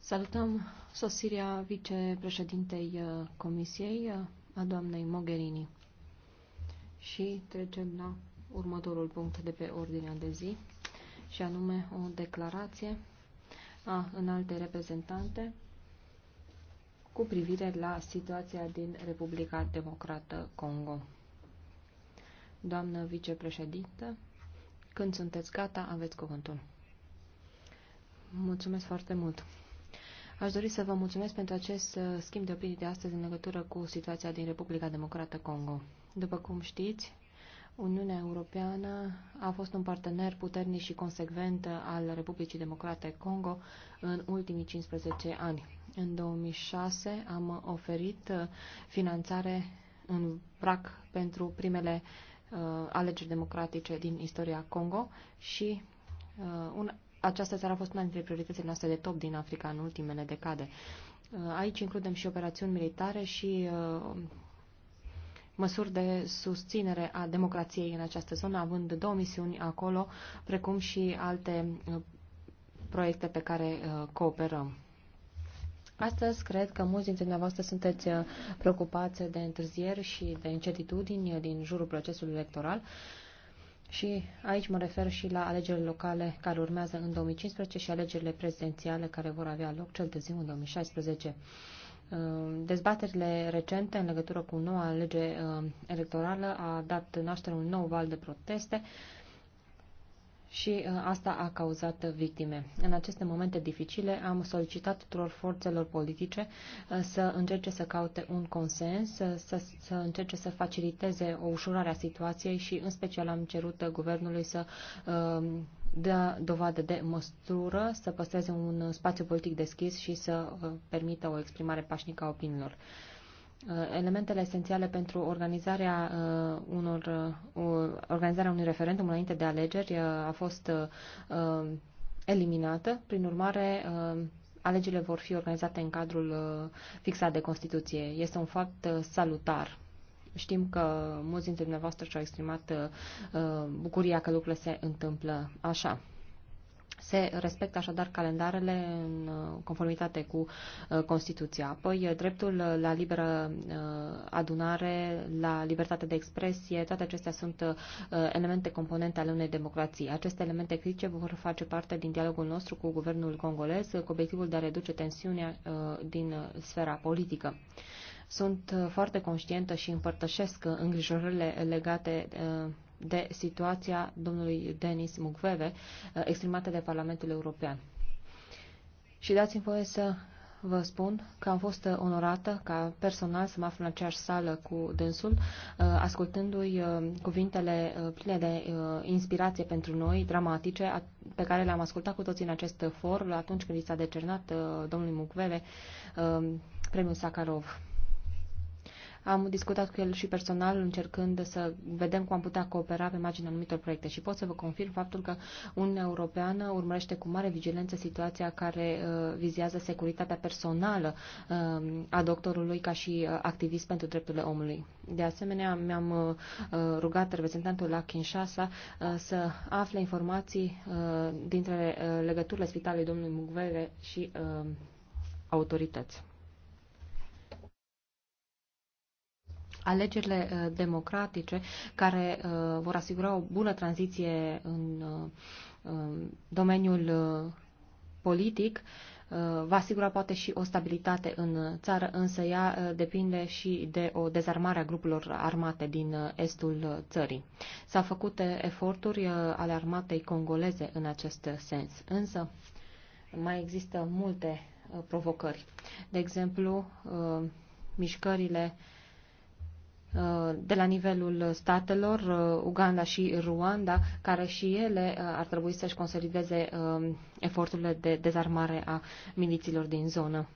Salutăm sosirea vicepreședintei uh, Comisiei, uh, a doamnei Mogherini. Și trecem la următorul punct de pe ordinea de zi, și anume o declarație a înalte reprezentante cu privire la situația din Republica Democrată Congo. Doamnă vicepreședintă, când sunteți gata, aveți cuvântul. Mulțumesc foarte mult. Aș dori să vă mulțumesc pentru acest uh, schimb de opinii de astăzi în legătură cu situația din Republica Democrată Congo. După cum știți, Uniunea Europeană a fost un partener puternic și consecvent uh, al Republicii Democrate Congo în ultimii 15 ani. În 2006 am oferit uh, finanțare în PRAC pentru primele uh, alegeri democratice din istoria Congo și uh, un această țară a fost una dintre prioritățile noastre de top din Africa în ultimele decade. Uh, aici includem și operațiuni militare și uh, măsuri de susținere a democrației în această zonă, având două misiuni acolo, precum și alte uh, proiecte pe care cooperăm. Astăzi cred că mulți dintre dumneavoastră sunteți preocupați de întârzieri și de incertitudini din jurul procesului electoral. Uh, și aici mă refer și la alegerile locale care urmează în 2015 și alegerile prezidențiale care vor avea loc cel târziu în 2016. Uh, dezbaterile recente în legătură cu noua lege uh, electorală a dat naștere un nou val de proteste și uh, asta a cauzat victime. În aceste momente dificile am solicitat tuturor forțelor politice uh, să încerce să caute un consens, uh, să, să încerce să faciliteze o ușurare a situației și în special am cerut guvernului să dea dovadă de măstură, să păstreze un spațiu politic deschis și să permită o exprimare pașnică a opinilor. Uh, elementele esențiale pentru organizarea, uh, unor, uh, organizarea unui referendum înainte de alegeri a fost eliminată. Prin urmare, alegerile vor fi organizate în cadrul fixat de Constituție. Este un fapt salutar. Știm că mulți dintre dumneavoastră și-au exprimat bucuria că lucrurile se întâmplă așa. Se respectă așadar calendarele în uh, conformitate cu uh, Constituția. Apoi, uh, dreptul la liberă adunare, la libertate de expresie, toate acestea sunt elemente componente ale unei democrații. Aceste elemente critice vor face parte din dialogul nostru cu guvernul congolez cu obiectivul de a reduce tensiunea din sfera politică. Sunt foarte conștientă și împărtășesc îngrijorările legate de situația domnului Denis Mukwege eh, exprimată de Parlamentul European. Și dați-mi voie să vă spun că am fost eh, onorată ca personal să mă aflu în aceeași sală cu dânsul, eh, ascultându-i cuvintele pline de inspirație pentru noi, dramatice, pe care le-am ascultat cu toții în acest for atunci când i s-a decernat domnului Mukwege premiul Sakharov. Am discutat cu el și personal încercând să vedem cum am putea coopera pe marginea anumitor proiecte și pot să vă confirm faptul că Uniunea Europeană urmărește cu mare vigilență situația care uh, vizează securitatea personală uh, a doctorului ca și uh, activist pentru drepturile omului. De asemenea, mi-am rugat reprezentantul la Kinshasa să afle informații dintre legăturile spitalului domnului Mugvere și autorități. alegerile uh, democratice care uh, vor asigura o bună tranziție în uh, domeniul politic va asigura poate și o stabilitate în țară, însă ea depinde și de o dezarmare a grupurilor armate din estul țării. S-au făcut eforturi ale armatei congoleze în acest sens, însă mai există multe provocări. De exemplu, mișcările Uh, de la nivelul statelor, uh, Uganda și Ruanda, care și ele uh, ar trebui să-și consolideze um, eforturile de dezarmare a miliților din zonă.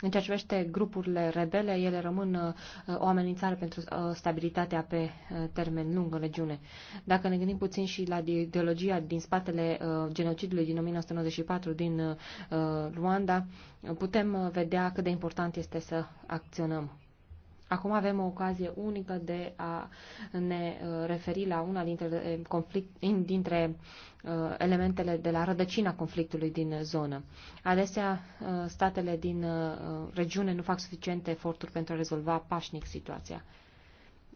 În ceea ce privește grupurile rebele, ele rămân o amenințare pentru stabilitatea pe termen lung în regiune. Dacă ne gândim puțin și la ideologia din spatele genocidului din 1994 din Ruanda, putem vedea cât de important este să acționăm. Acum avem o ocazie unică de a ne uh, referi la una dintre, uh, conflict, dintre uh, elementele de la rădăcina conflictului din zonă. Adesea, statele din regiune nu fac suficiente eforturi pentru a rezolva pașnic situația.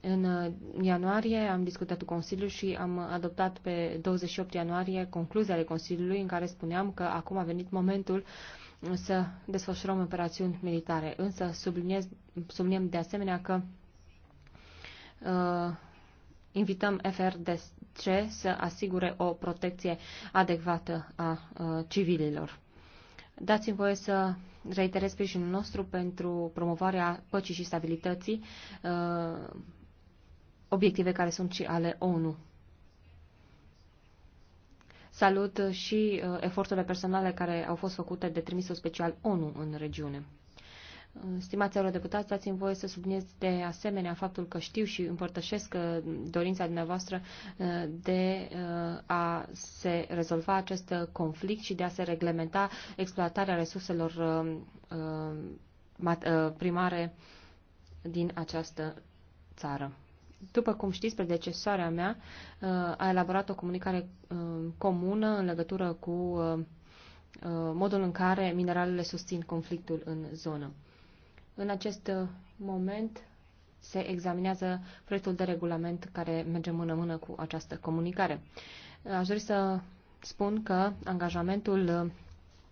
În ianuarie am discutat cu Consiliul și am adoptat pe 28 ianuarie concluzia ale Consiliului în care spuneam că acum a venit momentul uh, să desfășurăm operațiuni militare. Însă subliniez, subliniem de asemenea că uh, invităm FRDC să asigure o protecție adecvată a uh, civililor. Dați-mi voie să reiterez sprijinul nostru pentru promovarea păcii și stabilității, uh, obiective care sunt și ale ONU. Salut și uh, eforturile personale care au fost făcute de trimisul special ONU în regiune. Uh, stimați eurodeputați, dați-mi voie să subliniez de asemenea faptul că știu și împărtășesc uh, dorința dumneavoastră de a se rezolva acest conflict și de a se reglementa exploatarea resurselor primare din această țară. După cum știți, predecesoarea mea uh, a elaborat o comunicare uh, comună în legătură cu uh, modul în care mineralele susțin conflictul în zonă. În acest moment se examinează proiectul de regulament care merge mână-mână cu această comunicare. Aș dori să spun că angajamentul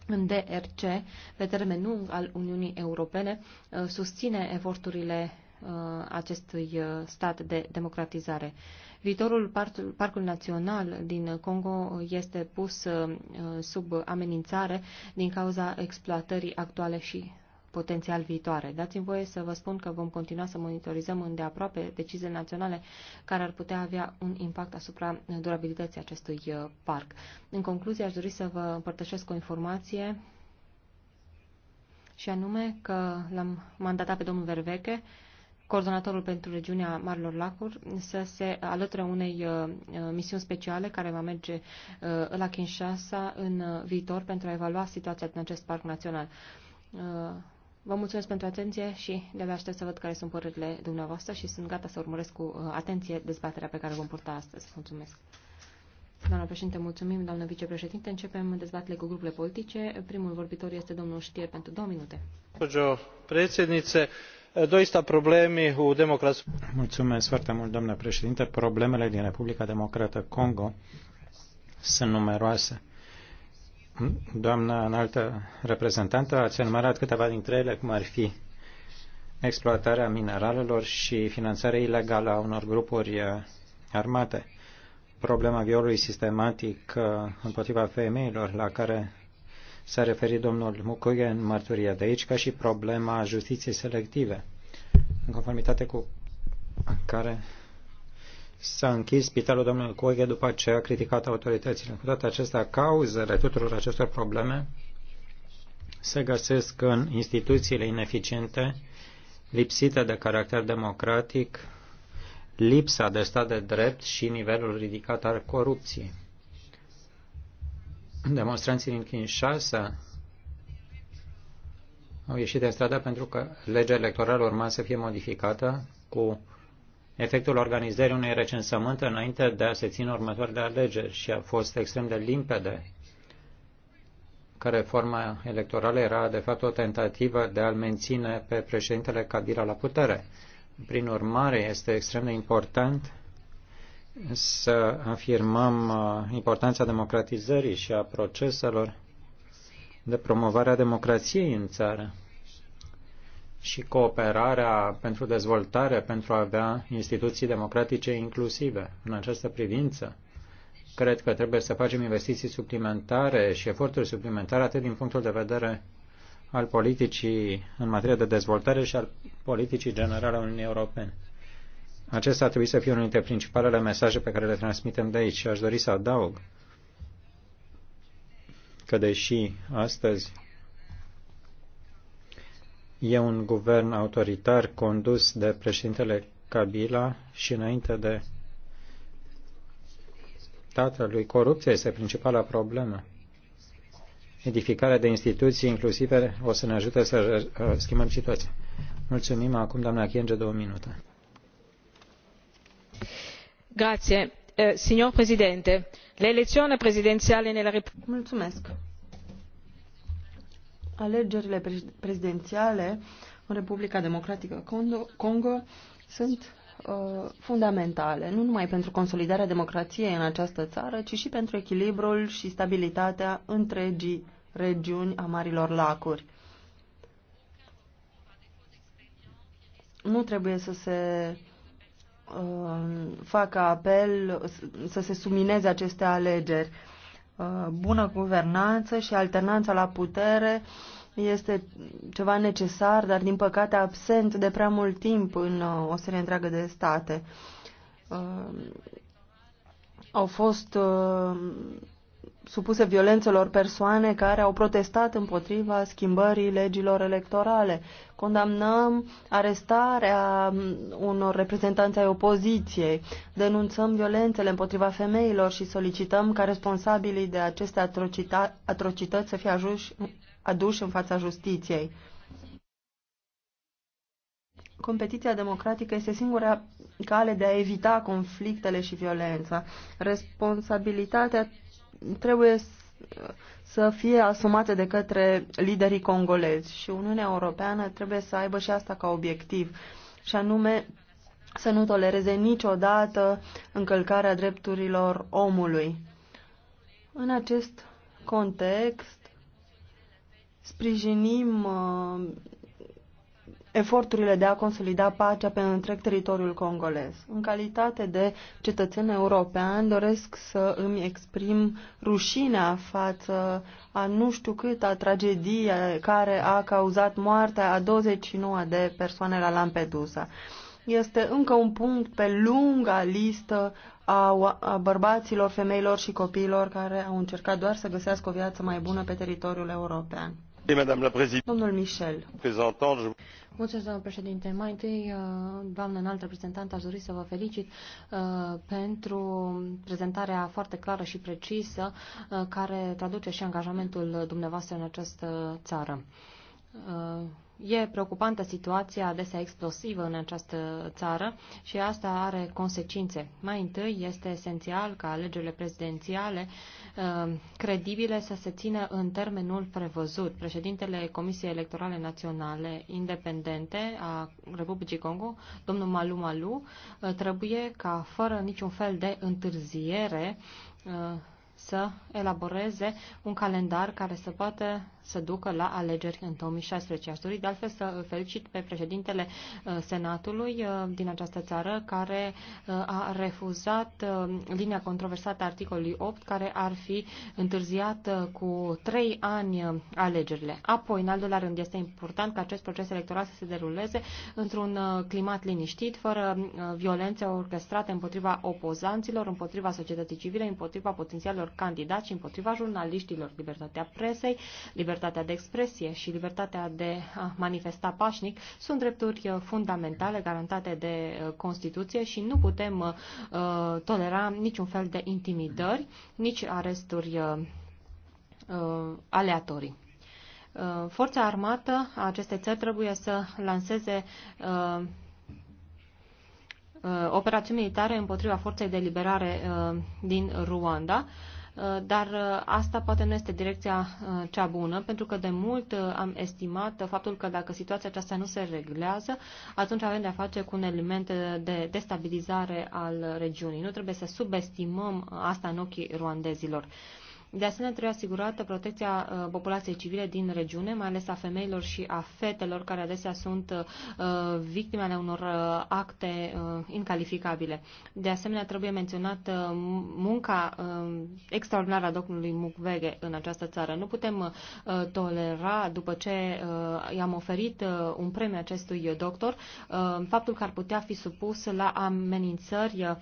în DRC, pe termen lung al Uniunii Europene, susține eforturile Uh, acestui uh, stat de democratizare. Viitorul parcul Național din Congo este pus uh, sub amenințare din cauza exploatării actuale și potențial viitoare. Dați-mi voie să vă spun că vom continua să monitorizăm îndeaproape deciziile naționale care ar putea avea un impact asupra durabilității acestui parc. În concluzie, aș dori să vă împărtășesc o informație și anume că l-am mandatat pe domnul Verveche coordonatorul pentru regiunea Marilor Lacuri să se alăture unei uh, uh, misiuni speciale care va merge uh, la Kinshasa în viitor pentru a evalua situația din acest parc național. Vă mulțumesc pentru atenție și de-abia aștept să văd care sunt părerile dumneavoastră și sunt gata să urmăresc cu atenție dezbaterea pe care o vom purta astăzi. Mulțumesc. Doamna președinte, mulțumim. Doamna vicepreședinte, începem dezbaterile cu grupurile politice. Primul vorbitor este domnul Știer pentru două minute. Doamna președinte, doista problemi u demokratskom. Mulțumesc președinte. Problemele din Republica Democrată Congo sunt numeroase. doamnă înaltă reprezentantă, ați enumerat câteva dintre ele, cum ar fi exploatarea mineralelor și finanțarea ilegală a unor grupuri uh, armate, problema violului sistematic uh, împotriva femeilor, la care s-a referit domnul Mucuie în mărturia de aici, ca și problema justiției selective, în conformitate cu care s-a închis spitalul domnului Mucuie după ce a criticat autoritățile. Cu toate acestea, cauzele tuturor acestor probleme se găsesc în instituțiile ineficiente, lipsite de caracter democratic, lipsa de stat de drept și nivelul ridicat al corupției demonstranții din Kinshasa au ieșit de stradă pentru că legea electorală urma să fie modificată cu efectul organizării unei recensământ înainte de a se ține următoarele alegeri și a fost extrem de limpede că reforma electorală era de fapt o tentativă de a-l menține pe președintele Kabila la putere. Prin urmare, este extrem de important să afirmăm uh, importanța democratizării și a proceselor de promovare a democrației în țară și cooperarea pentru dezvoltare, pentru a avea instituții democratice inclusive. În această privință, cred că trebuie să facem investiții suplimentare și eforturi suplimentare atât din punctul de vedere al politicii în materie de dezvoltare și al politicii generale a Uniunii Europene. Acesta ar trebui să fie unul dintre principalele mesaje pe care le transmitem de aici și aș dori să adaug că deși astăzi e un guvern autoritar condus de președintele Kabila și înainte de tatălui, corupția este principala problemă. Edificarea de instituții inclusive o să ne ajute să uh, schimbăm situația. Mulțumim acum, doamna Chienge, două minute. Eh, signor presidente l'elezione presidenziale nella repubblica. alegerile prezidențiale în republica democratică congo sunt uh, fundamentale nu numai pentru consolidarea democrației în această țară ci și pentru echilibrul și stabilitatea întregii regiuni a marilor lacuri. nu trebuie să se Uh, facă apel să se sumineze aceste alegeri. Uh, bună guvernanță și alternanța la putere este ceva necesar, dar din păcate absent de prea mult timp în uh, o serie întreagă de state. Au fost supuse violențelor persoane care au protestat împotriva schimbării legilor electorale. Condamnăm arestarea unor reprezentanți ai opoziției, denunțăm violențele împotriva femeilor și solicităm ca responsabilii de aceste atrocita- atrocități să fie ajuși, aduși în fața justiției. Competiția democratică este singura cale de a evita conflictele și violența. Responsabilitatea trebuie să fie asumate de către liderii congolezi și Uniunea Europeană trebuie să aibă și asta ca obiectiv, și anume să nu tolereze niciodată încălcarea drepturilor omului. În acest context, sprijinim uh, eforturile de a consolida pacea pe întreg teritoriul congolez. În calitate de cetățen european doresc să îmi exprim rușinea față a nu știu câta tragedie care a cauzat moartea a 29 de persoane la Lampedusa. Este încă un punct pe lunga listă a, a bărbaților, femeilor și copiilor care au încercat doar să găsească o viață mai bună pe teritoriul european domnule președinte. Mai întâi, uh, doamnă înalt reprezentant, aș dori să vă felicit uh, pentru prezentarea foarte clară și precisă uh, care traduce și angajamentul dumneavoastră în această țară E preocupantă situația adesea explosivă în această țară și asta are consecințe. Mai întâi este esențial ca alegerile prezidențiale uh, credibile să se țină în termenul prevăzut. Președintele Comisiei Electorale Naționale Independente a Republicii Congo, domnul Malu Malu, uh, trebuie ca fără niciun fel de întârziere uh, să elaboreze un calendar care să poată să ducă la alegeri în 2016. Aș dori de altfel să felicit pe președintele uh, Senatului uh, din această țară care uh, a refuzat linia controversată a articolului 8 care ar fi întârziat cu trei ani alegerile. Apoi, în al doilea rând, este important ca acest proces electoral să se deruleze într-un climat liniștit, fără violențe orchestrate împotriva opozanților, împotriva societății civile, împotriva potențialilor candidați și împotriva jurnaliștilor. Libertatea presei, libertatea libertatea de expresie și libertatea de a manifesta pașnic sunt drepturi uh, fundamentale garantate de uh, Constituție și nu putem uh, tolera niciun fel de intimidări, nici aresturi aleatorii. Forța armată a acestei țări trebuie să lanseze operațiuni militare împotriva Forței de Liberare din Ruanda, Uh, dar uh, asta poate nu este direcția uh, cea bună, pentru că de mult am estimat faptul că dacă situația aceasta nu se reglează, atunci avem de-a face cu un element de destabilizare al regiunii. Nu trebuie să subestimăm asta în ochii ruandezilor. De asemenea, trebuie asigurată protecția uh, populației civile din regiune, mai ales a femeilor și a fetelor, care adesea sunt uh, victime ale unor uh, acte incalificabile. De asemenea, trebuie menționată munca extraordinară a domnului Mukwege în această țară. Nu putem tolera, după ce i-am oferit un premiu acestui doctor, faptul că ar putea fi supus la amenințări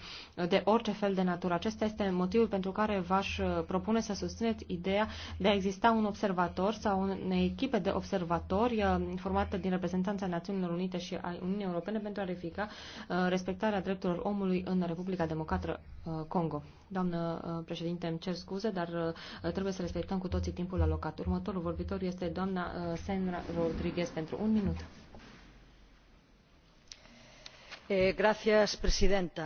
de orice fel de natură. Acesta este motivul pentru care v-aș propune să dumneavoastră susțineți ideea de a exista un observator sau o echipe de observatori uh, formată din reprezentanța Națiunilor Unite și a Uniunii Europene pentru a verifica uh, respectarea drepturilor omului în Republica Democrată uh, Congo. Doamnă președinte, îmi cer scuze, dar trebuie să respectăm cu toții timpul alocat. Următorul vorbitor este doamna Senra Rodriguez pentru un minut. Eh,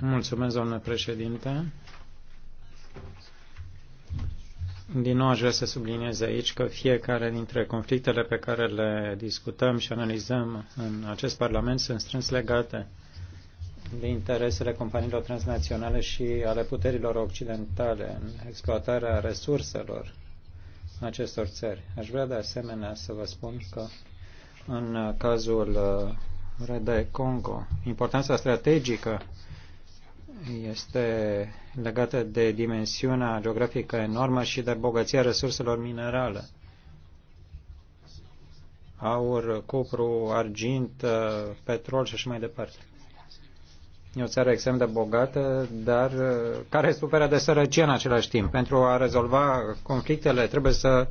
Mulțumesc, doamnă președinte din nou aș vrea să subliniez aici că fiecare dintre conflictele pe care le discutăm și analizăm în acest Parlament sunt strâns legate de interesele companiilor transnaționale și ale puterilor occidentale în exploatarea resurselor acestor țări. Aș vrea de asemenea să vă spun că în cazul uh, Rede Congo, importanța strategică este legată de dimensiunea geografică enormă și de bogăția resurselor minerale. Aur, cupru, argint, uh, petrol și așa mai departe. E o țară extrem de bogată, dar uh, care suferă de sărăcie în același timp. Pentru a rezolva conflictele trebuie să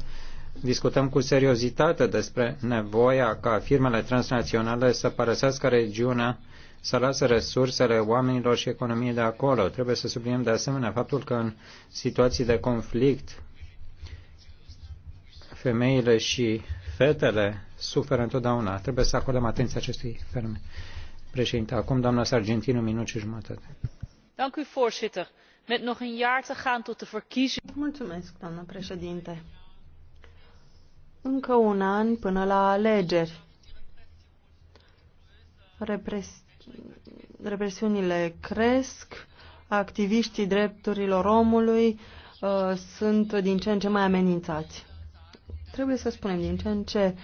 discutăm cu seriozitate despre nevoia ca firmele transnaționale să părăsească regiunea să lasă resursele oamenilor și economiile acolo. Trebuie să subliniem de asemenea faptul că în situații de conflict femeile și fetele suferă întotdeauna. Trebuie să acordăm atenție acestui fenomen. Președinte, acum doamna un minut și jumătate. Dank u, voorzitter. Met nog een jaar te gaan tot de verkiezingen. Mulțumesc, doamna președinte. Încă un an până la alegeri. Repres represiunile cresc, activiștii drepturilor omului uh, sunt din ce în ce mai amenințați. Trebuie să spunem din ce în ce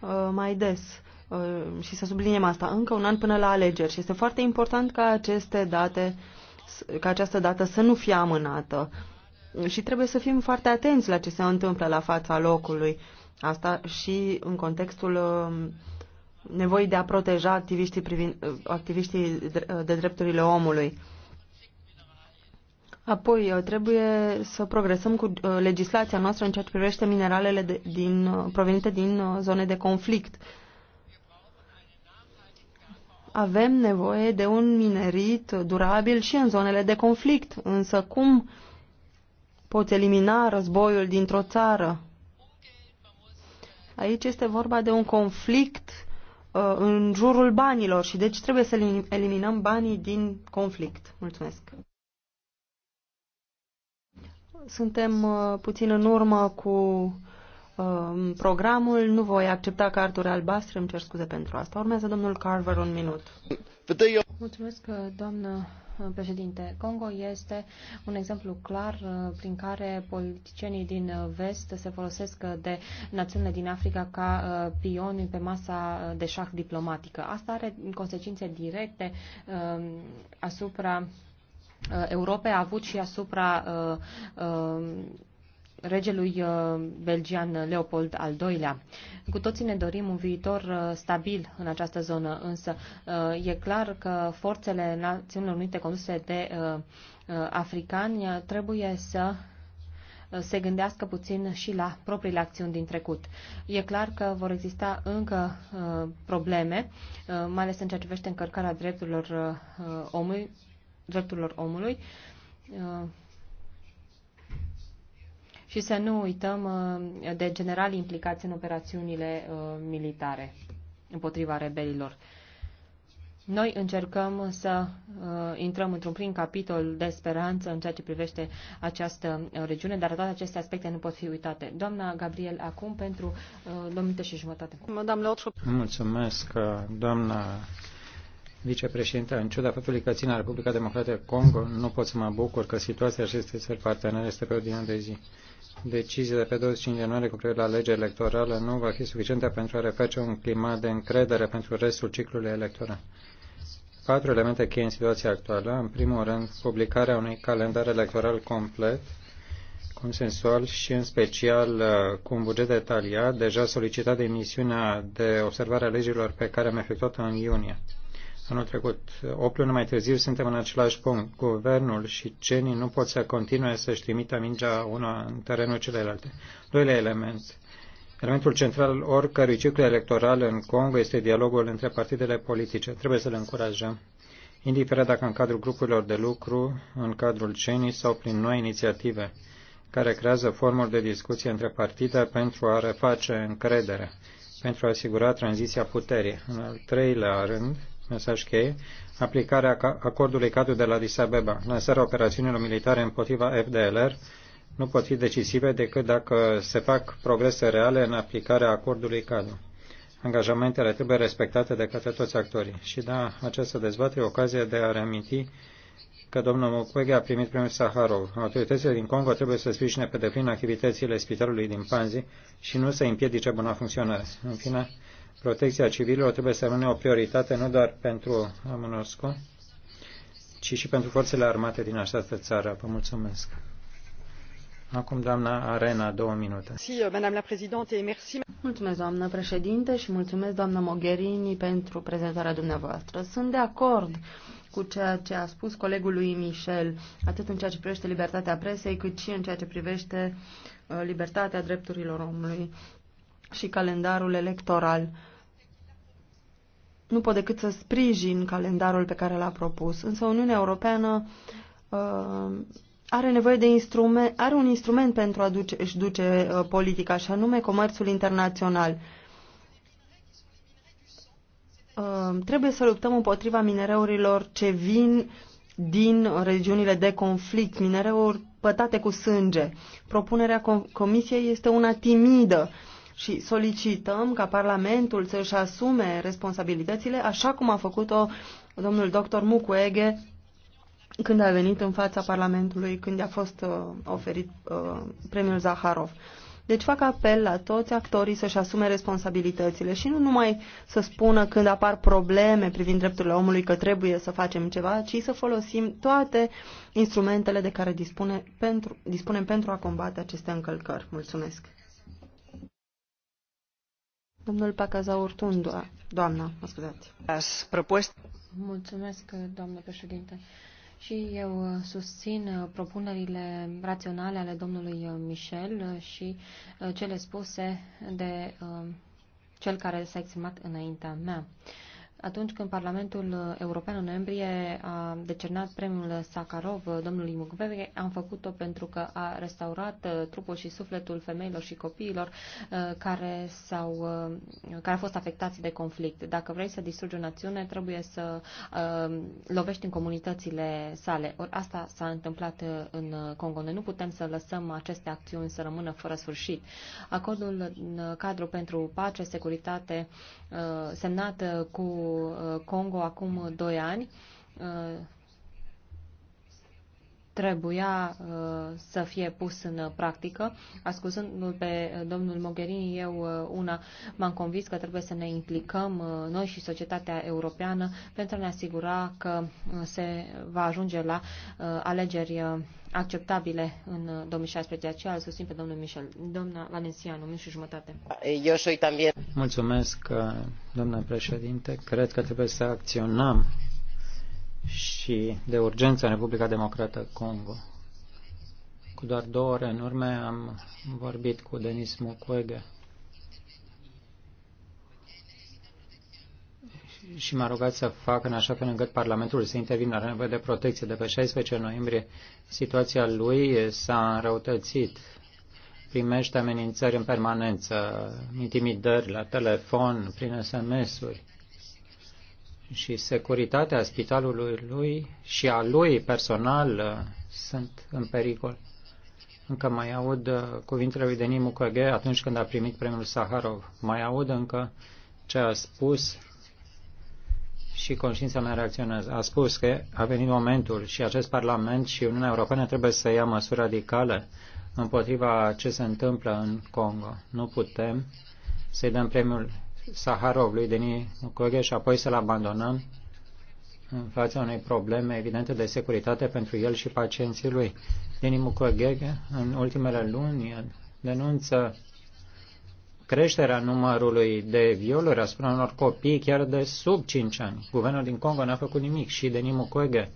uh, mai des uh, și să subliniem asta încă un an până la alegeri și este foarte important ca aceste date ca această dată să nu fie amânată și trebuie să fim foarte atenți la ce se întâmplă la fața locului asta și în contextul uh, Nevoie de a proteja activiștii, privind, uh, activiștii uh, de drepturile omului. Apoi, uh, trebuie să progresăm cu legislația noastră în ceea ce privește mineralele de, din, provenite din zone de conflict. Avem nevoie de un minerit durabil și în zonele de conflict, însă cum poți elimina războiul dintr-o țară? Aici este vorba de un conflict Uh, în jurul banilor și deci trebuie să eliminăm banii din conflict. Mulțumesc. Suntem uh, puțin în urmă cu uh, programul. Nu voi accepta carturi albastre, îmi cer scuze pentru asta. Urmează domnul Carver un minut. Mulțumesc, doamnă președinte. Congo este un exemplu clar uh, prin care politicienii din uh, vest se folosesc uh, de națiunile din Africa ca pioni pe masa de șah diplomatică. Asta are consecințe directe um, asupra Europei, a avut și asupra um, regelui uh, belgian Leopold al II-lea. Cu toții ne dorim un viitor uh, stabil în această zonă, însă uh, e clar că forțele Națiunilor Unite conduse de africani trebuie să se gândească puțin și la propriile acțiuni din trecut. E clar că vor exista încă probleme, mai ales în ceea ce privește încărcarea drepturilor omului, drepturilor omului și să nu uităm uh, de general implicați în operațiunile uh, militare împotriva rebelilor. Noi încercăm să uh, intrăm într-un prim capitol de speranță în ceea ce privește această uh, regiune, dar toate aceste aspecte nu pot fi uitate. Doamna Gabriel, acum pentru uh, două minute și jumătate. Mulțumesc, doamna vicepreședinte, în ciuda faptului că țin la Republica Democrată Congo, nu pot să mă bucur că situația acestei țări partenere este pe ordinea de zi. Decizia de pe 25 ianuarie cu privire la legea electorală nu va fi suficientă pentru a reface un climat de încredere pentru restul ciclului electoral. Patru elemente cheie în situația actuală. În primul rând, publicarea unui calendar electoral complet, consensual și în special cu un buget detaliat, deja solicitat de misiunea de observare a legilor pe care am efectuat-o în iunie anul trecut. Opt luni mai târziu suntem în același punct. Guvernul și cenii nu pot să continue să-și trimită mingea una în terenul celelalte. Doilea element. Elementul central oricărui ciclu electoral în Congo este dialogul între partidele politice. Trebuie să le încurajăm, indiferent dacă în cadrul grupurilor de lucru, în cadrul cenii sau prin noi inițiative, care creează formuri de discuție între partide pentru a reface încredere, pentru a asigura tranziția puterii. În al treilea rând, Mesaj cheie. Aplicarea acordului cadru de la Disabeba, Lansarea operațiunilor militare împotriva FDLR nu pot fi decisive decât dacă se fac progrese reale în aplicarea acordului cadru. Angajamentele trebuie respectate de către toți actorii. Și da, această dezbatere e ocazie de a reaminti că domnul Mukwege a primit premiul Saharov. Autoritățile din Congo trebuie să sprijine pe deplin activitățile spitalului din Panzi și nu să împiedice buna funcționare. În fine, Protecția civililor trebuie să rămână o prioritate nu doar pentru MONUSCO, ci și pentru forțele armate din această țară. Vă mulțumesc. Acum, doamna Arena, două minute. Mulțumesc, doamnă președinte, și mulțumesc, doamnă Mogherini, pentru prezentarea dumneavoastră. Sunt de acord cu ceea ce a spus colegul lui Michel, atât în ceea ce privește libertatea presei, cât și în ceea ce privește uh, libertatea drepturilor omului și calendarul electoral. Nu pot decât să sprijin calendarul pe care l-a propus, însă Uniunea Europeană uh, are nevoie de instrument, are un instrument pentru a duce, își duce uh, politica, și anume comerțul internațional. Uh, trebuie să luptăm împotriva minereurilor ce vin din regiunile de conflict, minereuri pătate cu sânge. Propunerea com Comisiei este una timidă și solicităm ca Parlamentul să-și asume responsabilitățile, așa cum a făcut-o domnul doctor Mukwege când a venit în fața Parlamentului, când i-a fost uh, oferit uh, premiul Zaharov. Deci fac apel la toți actorii să-și asume responsabilitățile și nu numai să spună când apar probleme privind drepturile omului că trebuie să facem ceva, ci să folosim toate instrumentele de care dispune pentru, dispunem pentru a combate aceste încălcări. Mulțumesc! Domnul Pacazaur Tundua, doamna, mă scuzați. Mulțumesc, doamnă președinte. Și eu uh, susțin uh, propunerile raționale ale domnului uh, Michel și cele spuse de cel care s-a exprimat înaintea mea. Atunci când Parlamentul European în noiembrie a decernat premiul Sakharov domnului Mukwege, am făcut-o pentru că a restaurat uh, trupul și sufletul femeilor și copiilor uh, care, s-au, uh, care au fost afectați de conflict. Dacă vrei să distrugi o națiune, trebuie să lovești în comunitățile sale. Or, asta s-a întâmplat în Congo. Noi nu putem să lăsăm aceste acțiuni să rămână fără sfârșit. Acordul în cadru pentru pace, securitate, semnat cu Uh, Congo acum doi ani uh, trebuia uh, să fie pus în uh, practică. Ascultându-l pe uh, domnul Mogherini, eu una m-am convins că trebuie să ne implicăm noi și societatea europeană pentru a ne asigura că se va ajunge la alegeri acceptabile în 2016. De aceea îl susțin pe domnul Michel. Doamna Valencianu, minut și jumătate. Eu și Mulțumesc, doamna președinte. Cred că trebuie să acționăm și de urgență în Republica Democrată Congo. Cu doar două ore în urmă am vorbit cu Denis Mukwege și m-a rugat să fac în așa fel încât Parlamentul să intervină. la nevoie de protecție. De pe 16 noiembrie situația lui s-a înrăutățit. Primește amenințări în permanență, intimidări la telefon, prin SMS-uri și securitatea spitalului lui și a lui personal uh, sunt în pericol. Încă mai aud uh, cuvintele lui Denis Mukwege atunci când a primit premiul Saharov. Mai aud încă ce a spus și conștiința mea reacționează. A spus că a venit momentul și acest Parlament și Uniunea Europeană trebuie să ia măsuri radicale împotriva ce se întâmplă în Congo. Nu putem să-i dăm premiul Saharov, lui Denis Mukwege și apoi să-l abandonăm în fața unei probleme evidente de securitate pentru el și pacienții lui. Denis Mukwege, în ultimele luni, denunță creșterea numărului de violuri asupra unor copii chiar de sub 5 ani. Guvernul din Congo n-a făcut nimic și Denis Mukwege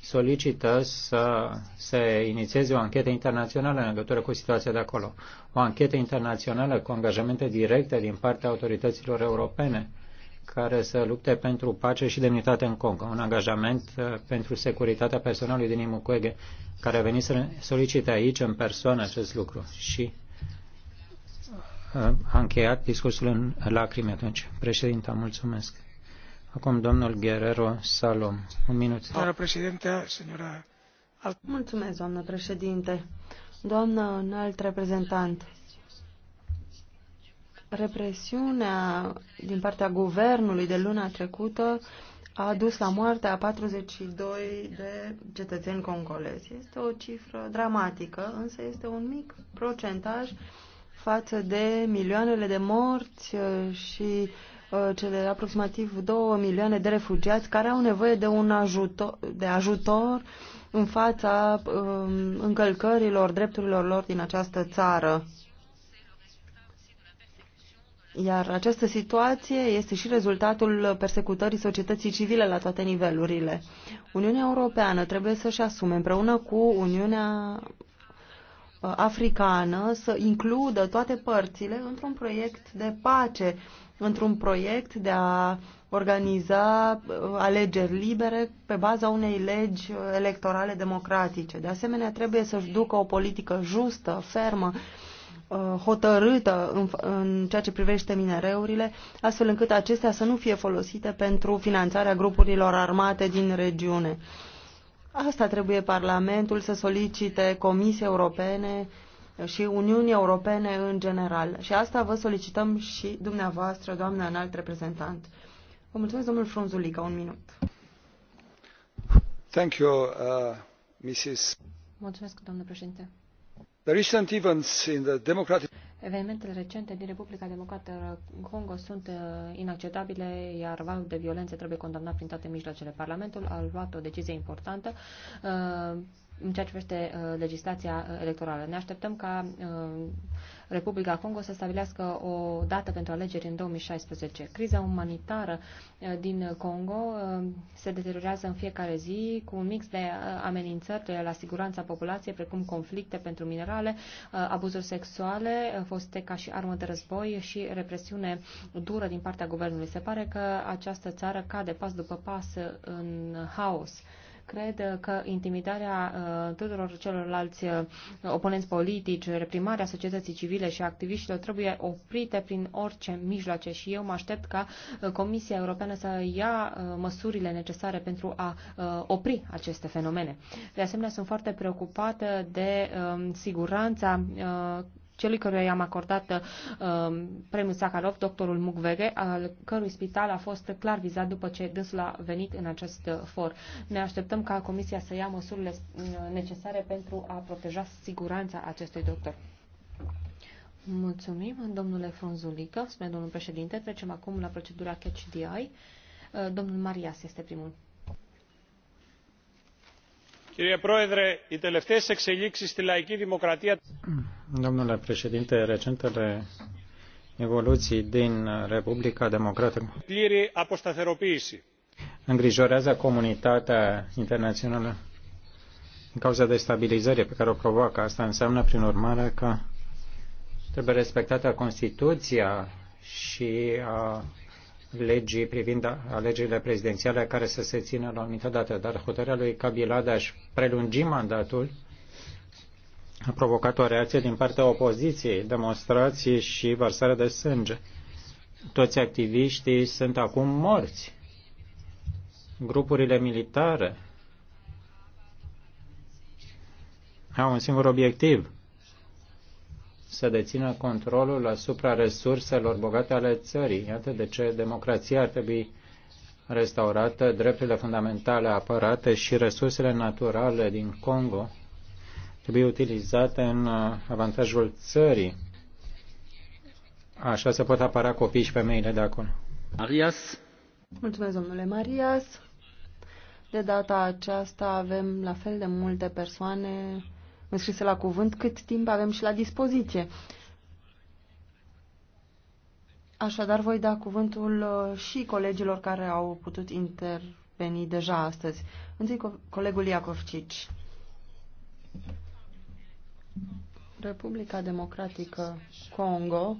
solicită să se inițieze o anchetă internațională în legătură cu situația de acolo. O anchetă internațională cu angajamente directe din partea autorităților europene care să lupte pentru pace și demnitate în Congo. Un angajament uh, pentru securitatea personalului din Imukwege, care a venit să solicite aici în persoană acest lucru. Și uh, a încheiat discursul în lacrimi atunci. Președinte, mulțumesc. Acum domnul Guerrero Salom. Un minut. Doamna președinte, senora... Mulțumesc, doamnă președinte. Doamnă înalt reprezentant, represiunea din partea guvernului de luna trecută a dus la moartea a 42 de cetățeni congolezi. Este o cifră dramatică, însă este un mic procentaj față de milioanele de morți uh, și Uh, cele aproximativ 2 milioane de refugiați care au nevoie de un ajutor, de ajutor în fața um, încălcărilor drepturilor lor din această țară. Iar această situație este și rezultatul persecutării societății civile la toate nivelurile. Uniunea Europeană trebuie să-și asume împreună cu Uniunea uh, Africană să includă toate părțile într-un proiect de pace într-un proiect de a organiza uh, alegeri libere pe baza unei legi uh, electorale democratice. De asemenea, trebuie să-și ducă o politică justă, fermă, uh, hotărâtă în, în ceea ce privește minereurile, astfel încât acestea să nu fie folosite pentru finanțarea grupurilor armate din regiune. Asta trebuie Parlamentul să solicite Comisiei Europene și Uniunii Europene în general. Și asta vă solicităm și dumneavoastră, doamna înalt reprezentant. Vă mulțumesc, domnul Frunzulica, un minut. Thank you, uh, Mrs. Mulțumesc, domnule președinte. The recent events in the democratic Evenimentele recente din Republica Democrată Congo sunt uh, inacceptabile, iar valul de violențe trebuie condamnat prin toate mijloacele. Parlamentul a luat o decizie importantă uh, în ceea ce privește uh, legislația electorală. Ne așteptăm ca Republica Congo să stabilească o dată pentru alegeri în 2016. Criza umanitară uh, din Congo uh, se deteriorează în fiecare zi cu un mix de uh, amenințări la siguranța populației, precum conflicte pentru minerale, abuzuri sexuale, foste ca și armă de război și represiune dură din partea guvernului. Se pare că această țară cade pas după pas în haos cred că intimidarea uh, tuturor celorlalți uh, oponenți politici, reprimarea societății civile și activiștilor trebuie oprite prin orice mijloace și eu mă aștept ca uh, Comisia Europeană să ia măsurile necesare pentru a opri aceste fenomene. De asemenea, sunt foarte preocupată de um, siguranța celui căruia i-am acordat uh, premiul Sakharov, doctorul Mukwege, al cărui spital a fost clar vizat după ce dânsul a venit în acest for. Ne așteptăm ca Comisia să ia măsurile uh, necesare pentru a proteja siguranța acestui doctor. Mulțumim, domnule Frunzulică, spune domnul președinte. Trecem acum la procedura Catch DI. Uh, domnul Marias este primul. Domnule președinte, recentele evoluții din Republica Democrată îngrijorează comunitatea internațională din cauza destabilizării pe care o provoacă. Asta înseamnă, prin urmare, că trebuie respectată Constituția și a legii privind alegerile prezidențiale care să se țină la o anumită dată, dar hotărârea lui Kabila de a-și prelungi mandatul a provocat o reacție din partea opoziției, demonstrații și vărsare de sânge. Toți activiștii sunt acum morți. Grupurile militare au un singur obiectiv – să dețină controlul asupra resurselor bogate ale țării. Iată de ce democrația ar trebui restaurată, drepturile fundamentale apărate și resursele naturale din Congo trebuie utilizate în uh, avantajul țării. Așa se pot apăra copiii și femeile de acolo. Marias. Mulțumesc, domnule Marias. De data aceasta avem la fel de multe persoane înscrise la cuvânt, cât timp avem și la dispoziție. Așadar, voi da cuvântul uh, și colegilor care au putut interveni deja astăzi. Întâi, colegul colegul Cici. Republica Democratică Congo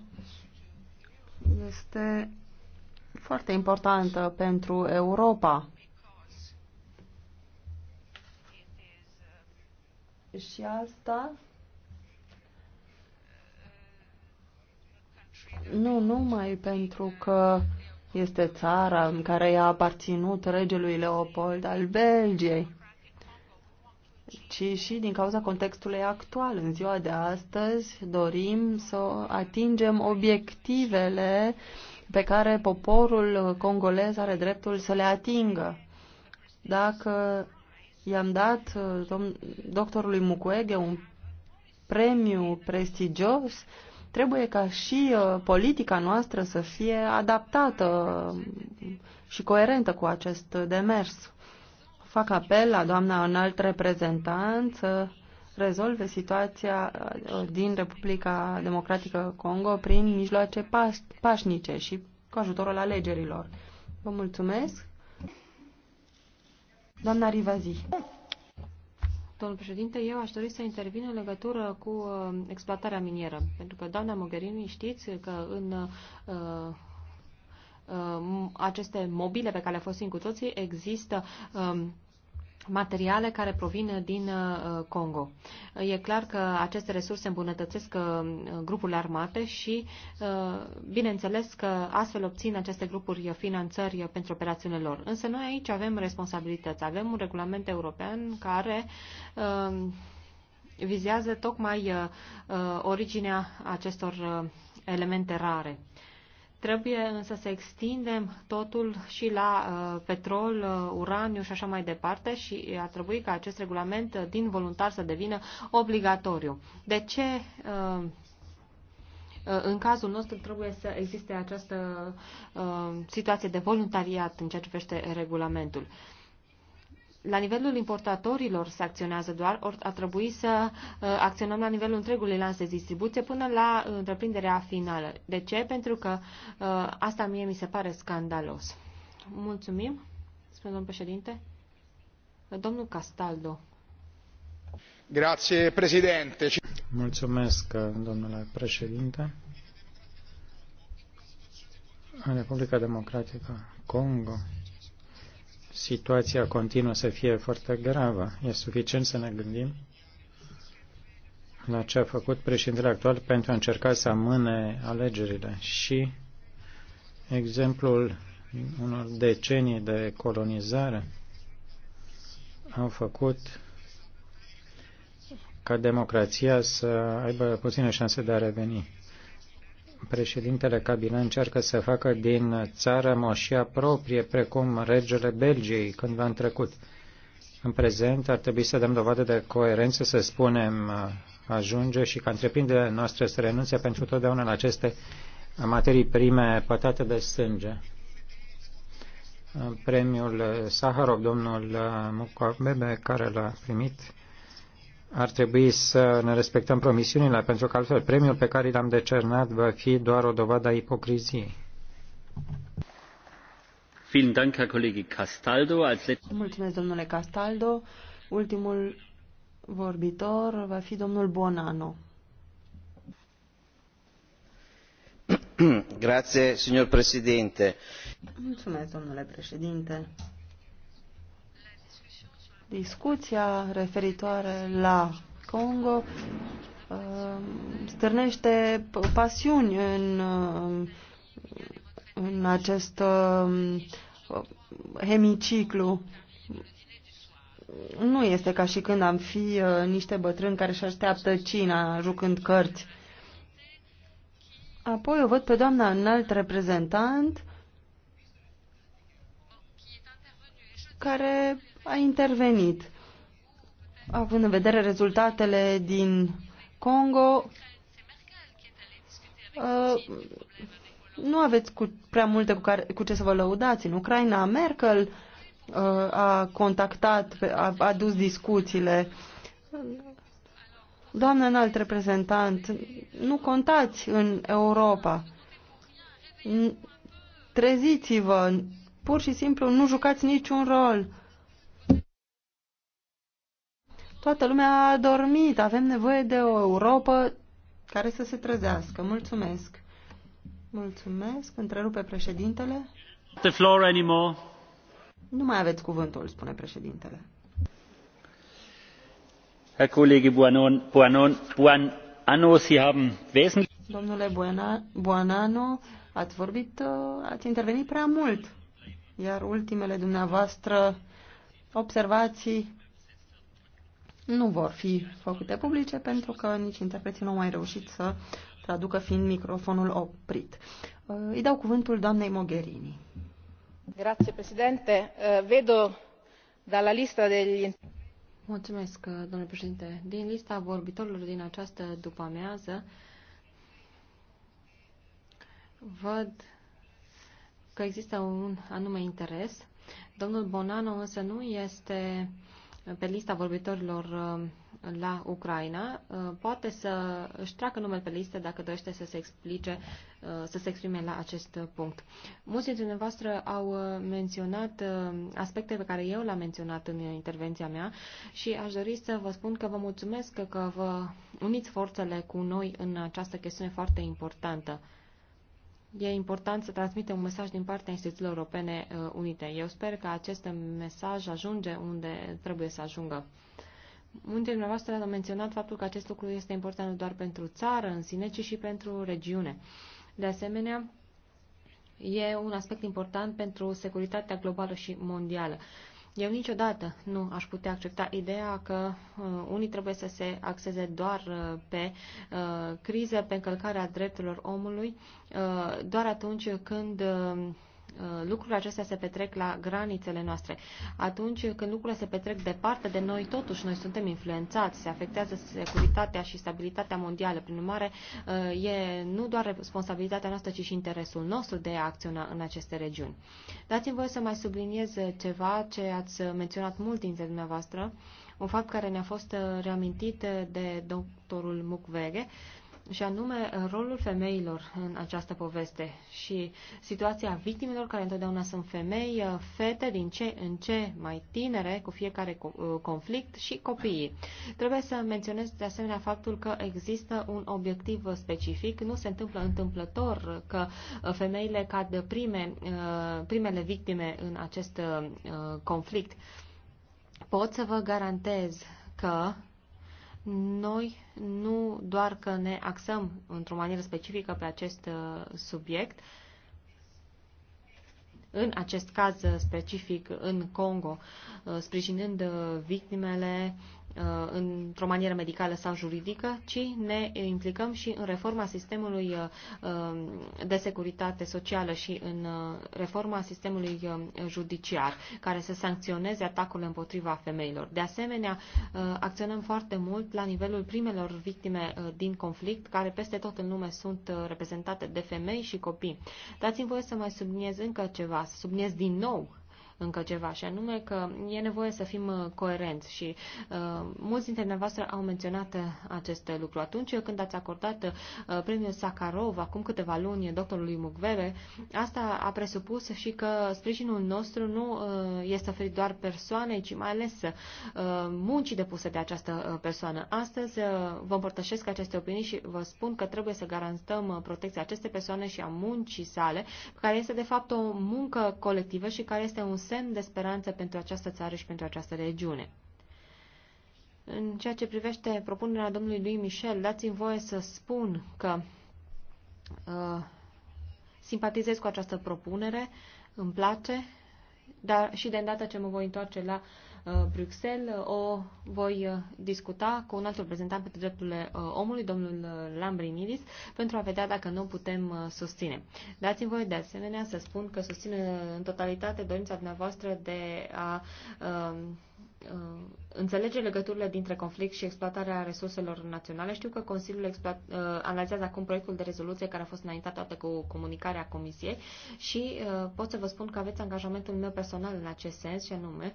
este foarte importantă pentru Europa. și asta nu numai pentru că este țara în care i-a aparținut regelui Leopold al Belgiei, ci și din cauza contextului actual. În ziua de astăzi dorim să atingem obiectivele pe care poporul congolez are dreptul să le atingă. Dacă i-am dat uh, doctorului Mukwege un premiu prestigios, trebuie ca și uh, politica noastră să fie adaptată um, și coerentă cu acest demers. Fac apel la doamna înalt reprezentant să rezolve situația uh, din Republica Democratică Congo prin mijloace pașnice și cu ajutorul alegerilor. Vă mulțumesc! Doamna Rivazi. Domnul președinte, eu aș dori să intervin în legătură cu uh, exploatarea minieră, pentru că, doamna Mogherini, știți că în uh, uh, aceste mobile pe care le folosim cu toții există uh, materiale care provin din uh, Congo. E clar că aceste resurse îmbunătățesc uh, grupurile armate și, uh, bineînțeles, că astfel obțin aceste grupuri finanțări pentru operațiunile lor. Însă noi aici avem responsabilități. Avem un regulament european care vizează tocmai originea acestor elemente rare. Trebuie însă să extindem totul și la uh, petrol, uh, uraniu și așa mai departe și ar trebui ca acest regulament uh, din voluntar să devină obligatoriu. De ce uh, uh, în cazul nostru trebuie să existe această uh, situație de voluntariat în ceea ce privește regulamentul? Uh, la nivelul importatorilor se acționează doar, ori ar trebui să uh, acționăm la nivelul întregului lanț de distribuție până la uh, întreprinderea finală. De ce? Pentru că uh, asta mie mi se pare scandalos. Mulțumim, spune domnul președinte. Domnul Castaldo. Grazie, președinte. Mulțumesc, domnule președinte. În Republica Democratică Congo, situația continuă să fie foarte gravă. E suficient să ne gândim la ce a făcut președintele actual pentru a încerca să amâne alegerile și exemplul unor decenii de colonizare au făcut ca democrația să aibă puține șanse de a reveni președintele Cabinet încearcă să facă din țară moșia proprie, precum regele Belgiei cândva în trecut. În prezent ar trebui să dăm dovadă de coerență, să spunem, ajunge și ca întreprinderile noastră să renunțe pentru totdeauna la aceste materii prime pătate de sânge. Premiul Saharov, domnul Mukwege, care l-a primit, ar trebui să ne respectăm promisiunile, pentru că altfel premiul pe care l-am decernat va fi doar o dovadă a ipocriziei. Mulțumesc, domnule Castaldo. Ultimul vorbitor va fi domnul Bonano. Grazie, signor Presidente. Mulțumesc, domnule președinte discuția referitoare la Congo um, stârnește pasiuni în, um, în acest um, hemiciclu. Nu este ca și când am fi uh, niște bătrâni care își așteaptă cina jucând cărți. Apoi o văd pe doamna înalt reprezentant care a intervenit. Având în vedere rezultatele din Congo, uh, nu aveți cu prea multe cu, care, cu ce să vă lăudați. În Ucraina, Merkel uh, a contactat, a adus discuțiile. Doamnă înalt reprezentant, nu contați în Europa. Treziți-vă, pur și simplu nu jucați niciun rol. Toată lumea a dormit. Avem nevoie de o Europa care să se trezească. Mulțumesc. Mulțumesc. Întrerupe președintele. The floor anymore. Nu mai aveți cuvântul, spune președintele. Herr Kollege Buanon, Buanon, Buanano, Sie haben wesentlich... Domnule Buanano, ați vorbit, uh, ați intervenit prea mult, iar ultimele dumneavoastră observații nu vor fi făcute publice pentru că nici interpreții nu au mai reușit să traducă fiind microfonul oprit. Uh, îi dau cuvântul doamnei Mogherini. Grazie, președinte. Uh, vedo la lista degli... Mulțumesc, uh, domnule președinte. Din lista vorbitorilor din această după-amiază, văd că există un anume interes. Domnul Bonano însă nu este pe lista vorbitorilor uh, la Ucraina, uh, poate să își treacă numele pe listă dacă dorește să se explice, uh, să se exprime la acest punct. Mulți dintre dumneavoastră au menționat aspecte pe care eu le-am menționat în intervenția mea și aș dori să vă spun că vă mulțumesc că vă uniți forțele cu noi în această chestiune foarte importantă. E important să transmitem un mesaj din partea instituțiilor europene uh, unite. Eu sper că acest mesaj ajunge unde trebuie să ajungă. Unii dintre dumneavoastră a menționat faptul că acest lucru este important nu doar pentru țară în sine, ci și pentru regiune. De asemenea, e un aspect important pentru securitatea globală și mondială. Uh, eu niciodată nu aș putea accepta ideea că uh, unii trebuie să se axeze doar uh, pe uh, criză, pe încălcarea drepturilor omului, uh, doar atunci când uh, Uh, lucrurile acestea se petrec la granițele noastre. Atunci când lucrurile se petrec departe de noi, totuși noi suntem influențați, se afectează securitatea și stabilitatea mondială. Prin urmare, uh, e nu doar responsabilitatea noastră, ci și interesul nostru de a acționa în aceste regiuni. Dați-mi voi să mai subliniez ceva ce ați menționat mult dintre dumneavoastră, un fapt care ne-a fost uh, reamintit de doctorul Mukwege, și anume rolul femeilor în această poveste și situația victimelor, care întotdeauna sunt femei, uh, fete din ce în ce mai tinere cu fiecare uh, conflict și copiii. Trebuie să menționez de asemenea faptul că există un obiectiv specific. Nu se întâmplă întâmplător că uh, femeile cad prime, primele victime în acest conflict. Pot să vă garantez că noi nu doar că ne axăm într-o manieră specifică pe acest uh, subiect, în acest caz specific în Congo, uh, sprijinând uh, victimele Uh, într-o manieră medicală sau juridică, ci ne implicăm și în reforma sistemului uh, de securitate socială și în uh, reforma sistemului judiciar, care să sancționeze atacurile împotriva femeilor. De asemenea, acționăm foarte mult la nivelul primelor victime din conflict, care peste tot în lume sunt reprezentate de femei și copii. Dați-mi voie să mai subliniez încă ceva, să subliniez din nou încă ceva, și anume că e nevoie să fim uh, coerenți și uh, mulți dintre dumneavoastră au menționat uh, acest lucru. Atunci când ați acordat uh, premiul Sakharov, acum câteva luni, doctorului Mugvere, asta a presupus și că sprijinul nostru nu uh, este oferit doar persoanei, ci mai ales uh, muncii depuse de această uh, persoană. Astăzi uh, vă împărtășesc aceste opinii și vă spun că trebuie să garantăm protecția acestei persoane și a muncii sale, care este de fapt o muncă colectivă și care este un semn de speranță pentru această țară și pentru această regiune. În ceea ce privește propunerea domnului lui Michel, dați-mi voie să spun că uh, simpatizez cu această propunere, îmi place, dar și de îndată ce mă voi întoarce la uh, Uh, Bruxelles. Uh, o voi uh, discuta cu un alt reprezentant pentru drepturile omului, domnul Lambrinidis, pentru a vedea dacă nu putem susține. Dați-mi voi de asemenea să spun că susțin în totalitate dorința dumneavoastră de a Uh, înțelege legăturile dintre conflict și exploatarea resurselor naționale. Știu că Consiliul uh, analizează acum proiectul de rezoluție care a fost înaintat toată cu comunicarea Comisiei și uh, pot să vă spun că aveți angajamentul meu personal în acest sens și anume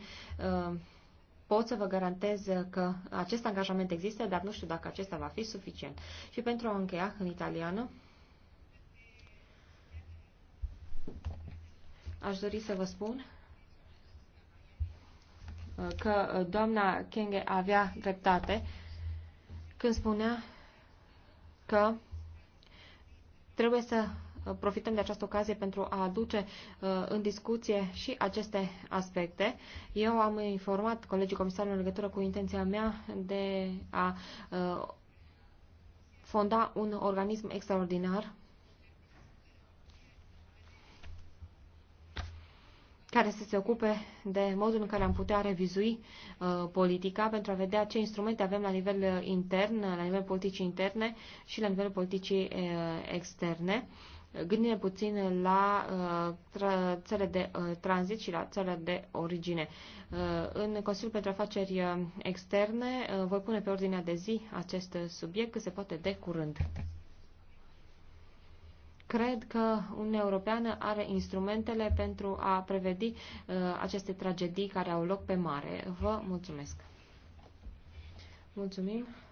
pot să vă garantez că acest angajament există, dar nu știu dacă acesta va fi suficient. Și pentru a încheia în italiană, aș dori să vă spun că doamna Kenge avea dreptate când spunea că trebuie să profităm de această ocazie pentru a aduce uh, în discuție și aceste aspecte. Eu am informat colegii comisari în legătură cu intenția mea de a uh, fonda un organism extraordinar care să se ocupe de modul în care am putea revizui uh, politica pentru a vedea ce instrumente avem la nivel uh, intern, la nivel politicii interne și la nivel politicii uh, externe. Gândim puțin la uh, țările de uh, tranzit și la țările de origine. Uh, în Consiliul pentru Afaceri uh, Externe uh, voi pune pe ordinea de zi acest uh, subiect cât se poate de curând. Cred că Uniunea Europeană are instrumentele pentru a prevedi uh, aceste tragedii care au loc pe mare. Vă mulțumesc! Mulțumim!